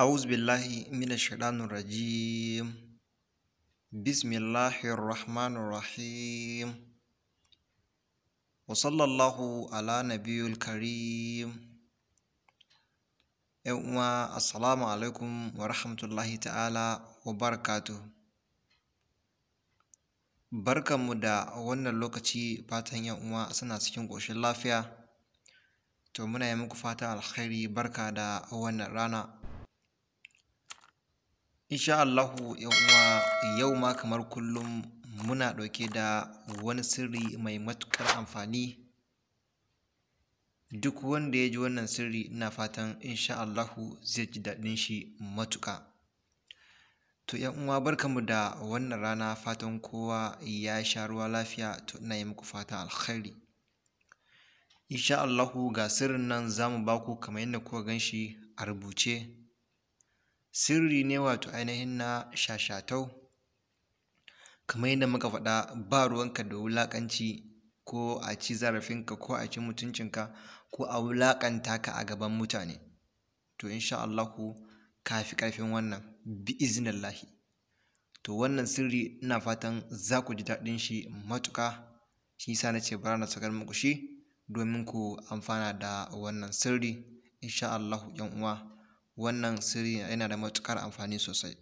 أعوذ بالله من الشيطان الرجيم بسم الله الرحمن الرحيم وصلى الله على نبي الكريم يوما السلام عليكم ورحمة الله تعالى وبركاته barkanmu da wannan lokaci fatan yan uwa suna cikin ƙoshin lafiya to muna yi muku fatan alkhairi barka da wannan rana Insha Allahu uwa yau ma kamar kullum muna ɗauke da wani sirri mai matuƙar amfani. Duk wanda ya ji wannan sirri ina fatan insha Allahu zai ji daɗin shi matuƙa. To uwa barkanmu da wannan rana fatan kowa ya sha ruwa lafiya to ina yi muku fatan alkhairi. Insha Allahu ga sirrin nan za mu ba kamar yadda kuka gan shi a rubuce. sirri ne wato ainihin na shashatau kamar yadda muka faɗa ba ruwanka da wulaƙanci ko a ci zarafinka ko a ci mutuncinka ko a wulaƙanta ka a gaban mutane to insha Allahu ka fi ƙarfin wannan bi iznillahi to wannan sirri ina fatan za ku ji daɗin shi matuka? shi sa na ce bara na sakar muku shi domin ku amfana da wannan sirri insha Allahu 'yan uwa wannan sirri yana da matuƙar amfani sosai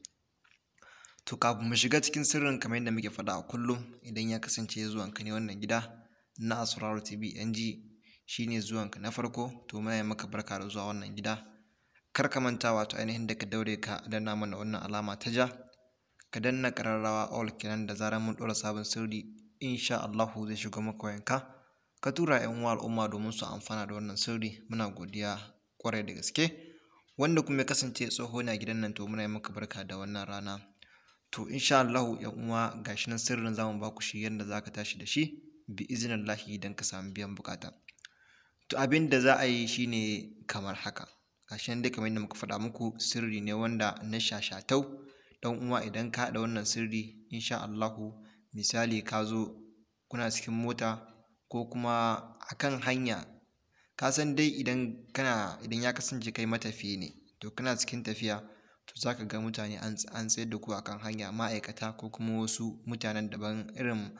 to kafin mu shiga cikin sirrin kamar yadda muke faɗa a kullum idan ya kasance zuwanka ne wannan gida na Asraru TV NG shine zuwanka na farko to muna yi maka barka da zuwa wannan gida kar ka manta wato ainihin da ka daure ka danna mana wannan alama ta ja ka danna ƙararrawa all kenan da zarar mun ɗora sabon sirri insha Allahu zai shiga maka wayanka ka tura 'yan uwa al'umma domin su amfana da wannan sirri muna godiya kwarai da gaske wanda kuma ya kasance tsoho na gidan nan to muna yi maka barka da wannan rana to insha Allahu ya uwa gashi nan sirrin zamu ba ku shi yadda zaka tashi da shi bi iznillahi idan ka samu biyan bukata to abin da za a yi shine kamar haka gashi nan dai kamar yadda muka faɗa muku sirri ne wanda na shashatau dan uwa idan ka haɗa wannan sirri insha Allahu misali ka zo kuna cikin mota ko kuma akan hanya ka san dai idan kana idan ya kasance kai matafiyi ne to kana cikin tafiya to za ka ga mutane an tsayar da ku akan kan hanya ma'aikata ko kuma wasu mutanen daban irin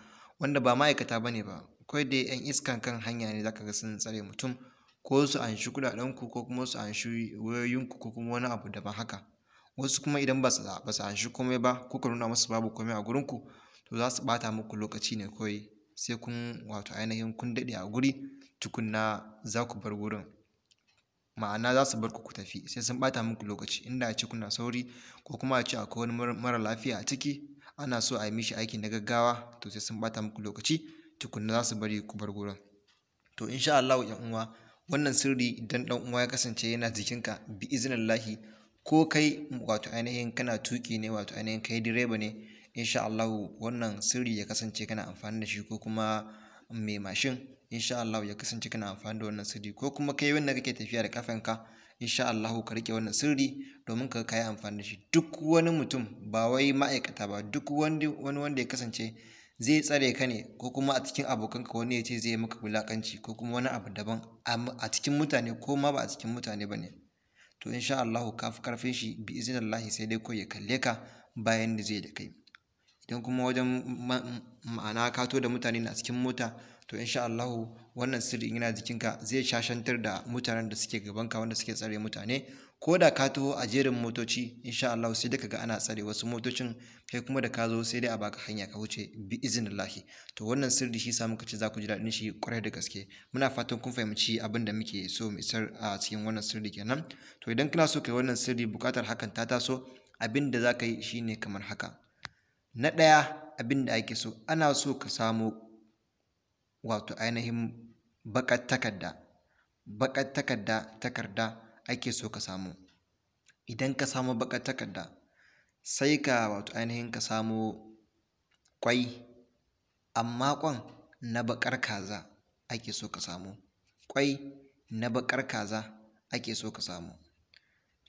wanda ba ma'aikata ba ne ba kawai dai 'yan iskan kan hanya ne za ka ga sun tsare mutum ko su anshi kuɗaɗenku ko kuma su anshi wayoyinku ko kuma wani abu daban haka wasu kuma idan ba su anshi komai ba kuka nuna musu babu komai a gurinku to za su ɓata muku lokaci ne kawai sai kun wato ainihin kun daɗe a guri tukunna za ku bar wurin ma'ana za su bar ku ku tafi sai sun bata muku lokaci inda a ce kuna sauri ko kuma a ce akwai wani mara lafiya a ciki ana so a yi mishi aiki na gaggawa to sai sun bata muku lokaci tukunna za su bari ku bar wurin. to insha Allah ya uwa wannan sirri idan dan uwa ya kasance yana jikinka bi iznillahi ko kai wato ainihin kana tuki ne wato ainihin kai direba ne insha Allah wannan sirri ya kasance kana amfani da shi ko kuma mai mashin insha Allah ya kasance kana amfani da wannan sirri ko kuma kai wanda kake tafiya da kafanka insha Allah ka rike wannan sirri domin ka kai amfani da shi duk wani mutum ba wai ma'aikata ba duk wani wanda ya kasance zai tsare ka ne ko kuma a cikin abokanka wani ya ce zai maka wulakanci ko kuma wani abu daban a cikin mutane ko ma ba a cikin mutane ba ne to insha Allah ka fi karfin shi bi iznillahi sai dai ko ya kalle ka bayan da zai da kai idan kuma wajen ma'ana ka to da mutane na cikin mota to insha Allah wannan sirrin yana jikinka zai shashantar da mutanen da suke gabanka wanda suke tsare mutane ko da ka taho a jerin motoci insha Allah sai ka kaga ana tsare wasu motocin kai kuma da ka zo sai dai a baka hanya ka wuce bi iznillah to wannan sirri shi sa muka ce za ku ji daɗin shi kwarai da gaske muna fatan kun fahimci abin da muke so mu isar a cikin wannan sirri kenan to idan kana so kai wannan sirri buƙatar hakan ta taso abin da za ka yi shine kamar haka na ɗaya abin da ake so ana so ka samo wato ainihin baƙar takarda baƙar takarda takarda ake so ka samu idan ka samu baƙar takarda sai ka wato ainihin ka samo ƙwai amma ƙwan na baƙar kaza ake so ka samu ƙwai na baƙar kaza ake so ka samu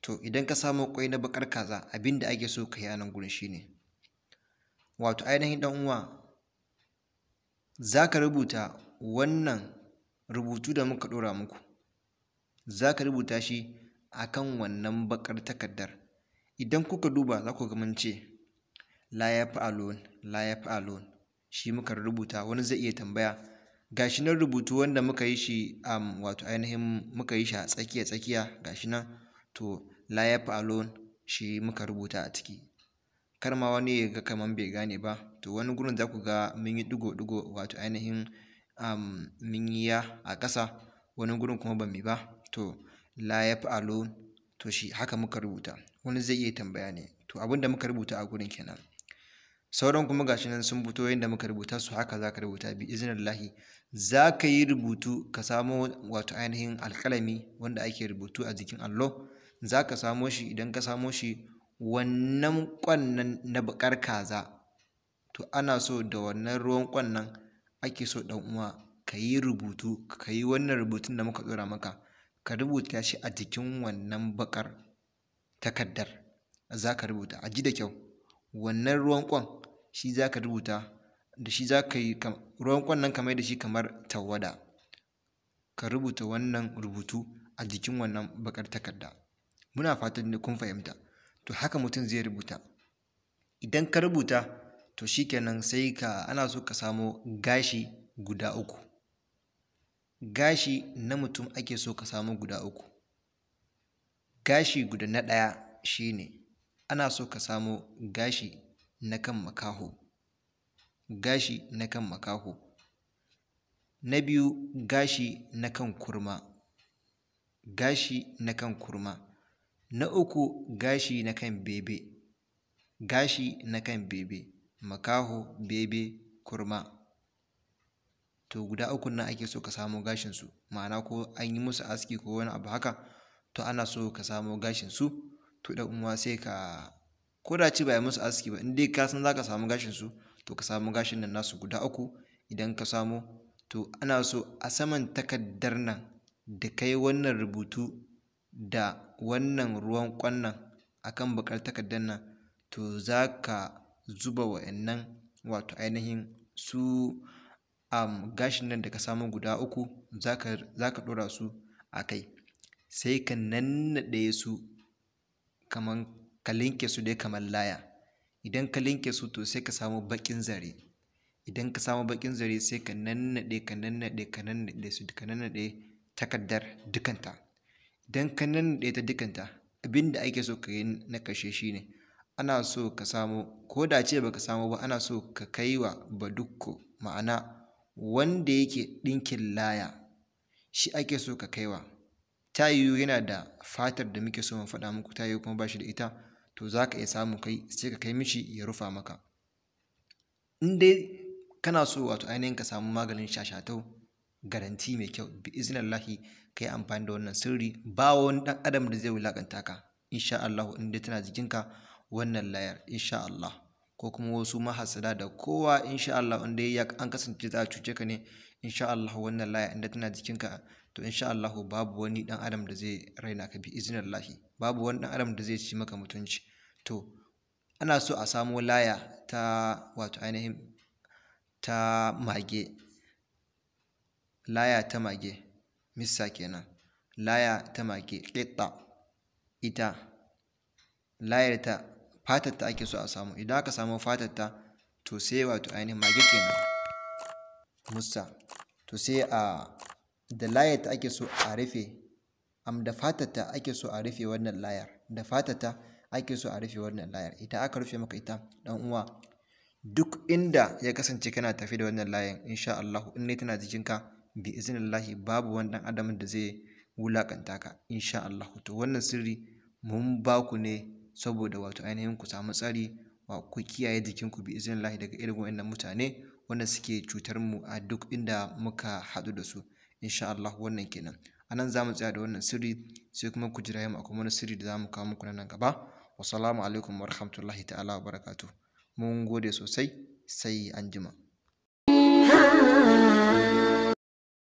to idan ka samu ƙwai na baƙar kaza abinda ake so ka yi a nan gurin shine wato ainihin ɗan uwa za ka rubuta wannan rubutu da muka ɗora muku za ka rubuta shi a kan wannan baƙar takardar idan kuka duba za ku ga mun ce la ya fa'alun la ya shi muka rubuta wani zai iya tambaya gashi nan rubutu wanda muka yi shi um, wato ainihin muka yi shi a tsakiya tsakiya gashi nan to la ya shi muka rubuta a ciki kar ma wani ya ga kamar bai gane ba to wani gurin za ku ga mun yi digo-digo wato ainihin mun yi ya a ƙasa wani gurin kuma ba mu ba to la ya fi fa'alun to shi haka muka rubuta wani zai iya tambaya ne to abin da muka rubuta a gurin kenan sauran kuma gashi nan sun fito yadda muka rubuta su haka za ka rubuta bi iznillahi za ka yi rubutu ka samo wato ainihin alƙalami wanda ake rubutu a jikin allo za ka samo shi idan ka samo shi wannan ƙwan nan na baƙar kaza to ana so da wannan ruwan ƙwan nan ake so ɗan uwa ka yi rubutu ka yi wannan rubutun da muka ɗora maka ka rubuta shi a jikin wannan baƙar takardar za ka rubuta a ji da kyau wannan ruwan ƙwan shi za ka rubuta da shi za ka yi ruwan ƙwan nan ka mai da shi kamar tawada ka rubuta wannan rubutu a jikin wannan baƙar takarda muna fatan kun fahimta to haka mutum zai rubuta idan ka rubuta to shikenan sai ka ana so ka samo gashi guda uku gashi na mutum ake so ka samu guda uku gashi guda na ɗaya shine ana so ka samo gashi na kan makaho gashi na kan makaho na biyu gashi na kan kurma gashi na kan kurma Na uku gashi na kan bebe, gashi na kan bebe, makaho, bebe, kurma. To guda ukun nan ake so ka samo gashinsu, ma'ana ko an yi musu aski ko wani abu haka, to ana so ka samo gashinsu, to ɗan uwa sai ka ko da ci ba yi musu aski ba in dai ka san za ka samu gashinsu to ka samu gashin nan nasu guda uku idan ka samo? to ana so a saman takardar nan da kai wannan rubutu da wannan ruwan ƙwannan akan baƙar takardar nan to za ka zuba wa'innan wato ainihin su um, gashin nan da ka samu guda uku za ka ɗora su a kai sai ka nannaɗe su kamar ka linke su dai kamar laya idan ka linke su to sai ka samu baƙin zare idan ka samu baƙin zare sai ka nannaɗe ka nannaɗe ka nannaɗe su ka nannaɗe takardar dukanta don ka nannaɗe ta dukanta abin da ake so ka yi na shi ne, ana so ka samo ko da ce baka samo ba ana so ka kai wa badukko ma'ana wanda yake ɗinkin laya shi ake so ka kaiwa ta yiwu yana da fatar da muke so mu faɗa muku ta yiwu kuma ba shi da ita to za ka iya samu kai sai ka kai mishi ya rufa maka in dai kana so wato ainihin ka samu maganin shashatau garanti mai kyau bi iznillahi ka yi amfani da wannan sirri ba wani ɗan adam da zai wulaƙanta ka insha Allah in dai tana jikinka wannan layar insha Allah ko kuma wasu mahasada da kowa insha Allah in dai an kasance za a cuce ka ne insha Allah wannan layar in dai tana jikinka to insha Allah babu wani ɗan adam da zai raina ka bi iznillahi babu wani ɗan adam da zai ci maka mutunci to ana so a samo laya ta wato ainihin ta mage laya ta mage missa kenan laya ta mage ƙitta ita layar ta fatar ta ake so a samu idan aka samu fatar ta to sai wato ainihin mage kenan musa to sai a da layar ta ake so a rufe am da fatar ta ake so a rufe wannan layar da fatar ta ake so a rufe wannan layar ita aka rufe maka ita dan uwa duk inda ya kasance kana tafi da wannan layar, insha Allah in ne tana jikinka bi iznillahi babu wani dan adamin da zai wulaƙanta ka insha Allah to wannan sirri mun ba ku ne saboda wato ainihin ku samu tsari wa ku kiyaye jikinku bi iznillahi daga irin wannan mutane wanda suke cutar mu a duk inda muka haɗu da su insha Allah wannan kenan a nan za mu tsaya da wannan sirri sai kuma ku jira yamma akwai wani sirri da za mu kawo muku nan gaba wasalamu alaikum warahmatullahi ta'ala wa barakatu mun gode sosai sai anjima.